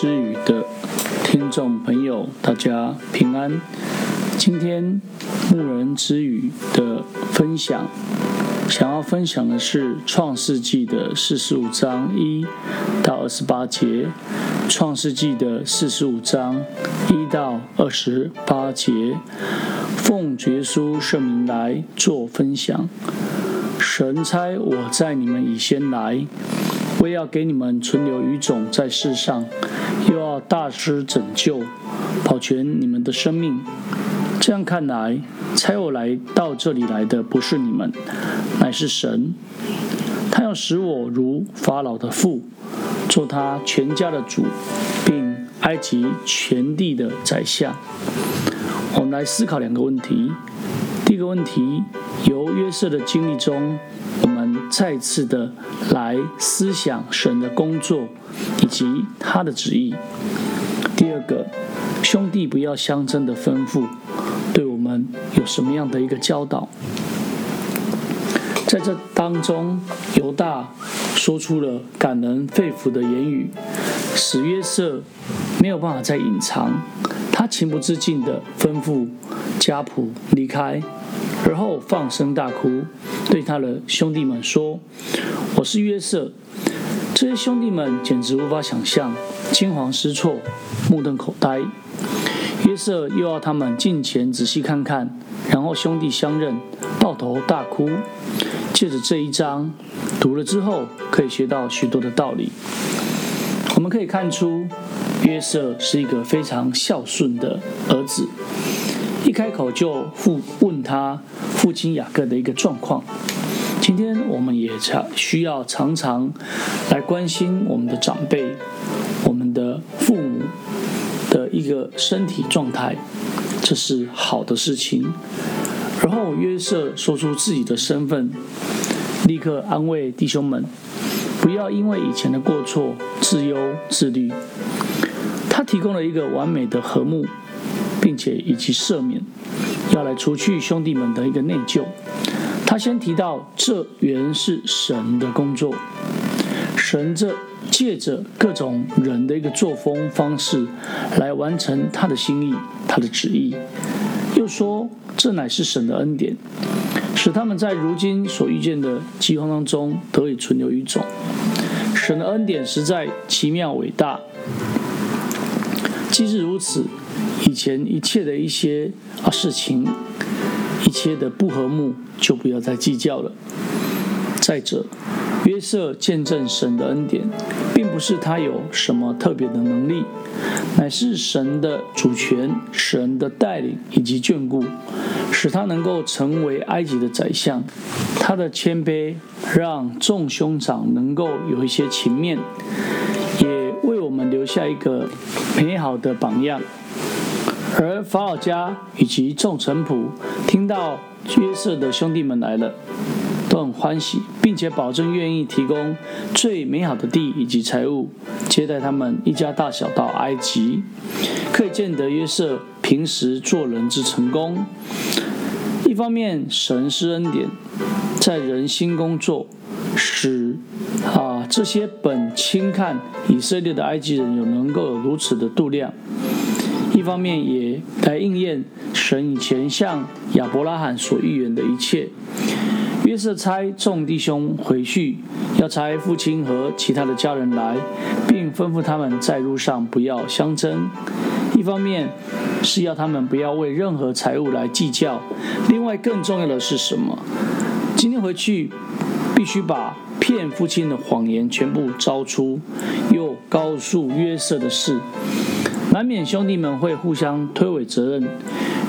之語的聽眾朋友，大家平安。今天牧人之語的分享，想要分享的是《創世紀》的四十五章一到二十八節，《創世紀》的四十五章一到二十八節。奉主耶穌聖名來做分享，神差我在你們以先來，為要給你們存留餘種在世上。大施拯救，保全你們的生命。這樣看來，差我來到這裡來的不是你們，乃是神。他要使我如法老的父，做他全家的主，並埃及全地的宰相。我們來思考兩個問題。第一個問題，由約瑟的經歷中，我們再次的來思想神的工作以及他的旨意。第二個，兄弟不要相爭的吩咐，對我們有什麼樣的一個教導？在這當中，猶大說出了感人肺腑的言語，使約瑟。沒有辦法再隱藏，他情不自禁地吩咐家僕離開，而後放聲大哭，對他的兄弟們說：“我是約瑟。”這些兄弟們簡直無法想象，驚慌失措，目瞪口呆。約瑟又要他們近前仔細看看，然後兄弟相認，抱頭大哭。借着這一章讀了之後，可以學到許多的道理。我們可以看出。約瑟是一個非常孝順的兒子，一開口就父問他父親雅各的一個狀況。今天我們也常需要常常來關心我們的長輩、我們的父母的一個身體狀態，這是好的事情。然後約瑟說出自己的身份，立刻安慰弟兄們，不要因為以前的過錯自憂自慮。他提供了一個完美的和睦，並且以及赦免，要來除去兄弟們的一個內疚。他先提到這原是神的工作，神這借着各種人的一個作風方式，來完成他的心意，他的旨意。又說這乃是神的恩典，使他們在如今所遇見的饑荒當中得以存留餘種。神的恩典實在奇妙偉大。既是如此，以前一切的一些、啊、事情，一切的不和睦，就不要再計較了。再者，約瑟見證神的恩典，並不是他有什麼特別的能力，乃是神的主權、神的帶領以及眷顧，使他能夠成為埃及的宰相。他的謙卑，讓眾兄長能夠有一些情面。留下一個美好的榜樣，而法老家以及眾臣僕聽到約瑟的兄弟們來了，都很歡喜，並且保證願意提供最美好的地以及財物接待他們一家大小到埃及，可以見得約瑟平時做人之成功。一方面，神施恩典在人心工作。使，啊，這些本輕看以色列的埃及人有能夠有如此的度量，一方面也來應驗神以前向亞伯拉罕所預言的一切。約瑟差眾弟兄回去，要差父親和其他的家人來，並吩咐他們在路上不要相爭。一方面是要他們不要為任何財物來計較，另外更重要的是什麼？今天回去。必須把騙父親的謊言全部招出，又告訴約瑟的事，難免兄弟們會互相推諉責任。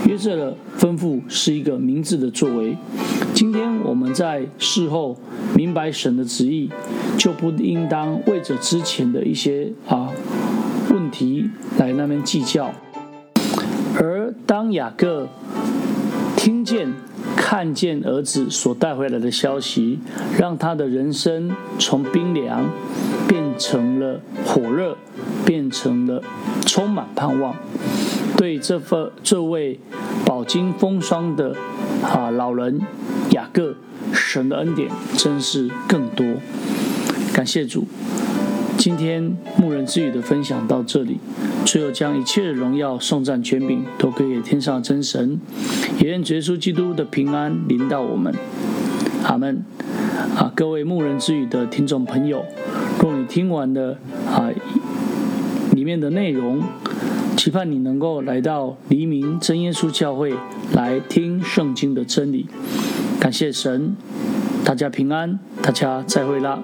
約瑟的吩咐是一個明智的作為。今天我們在事後明白神的旨意，就不應當為着之前的一些啊問題來那邊計較。而當雅各。聽見、看見兒子所帶回來的消息，讓他的人生從冰涼變成了火熱，變成了充滿盼望。對這份、這位飽經風霜的啊、呃、老人雅各，神的恩典真是更多。感謝主，今天牧人之語的分享到這裡。最後，將一切的榮耀、頌讚、權柄都歸給天上真神，也願耶穌基督的平安臨到我們。阿門。啊，各位牧人之語的聽眾朋友，若你聽完的啊裡面的內容，期盼你能夠來到黎明真耶穌教會來聽聖經的真理。感謝神，大家平安，大家再會啦。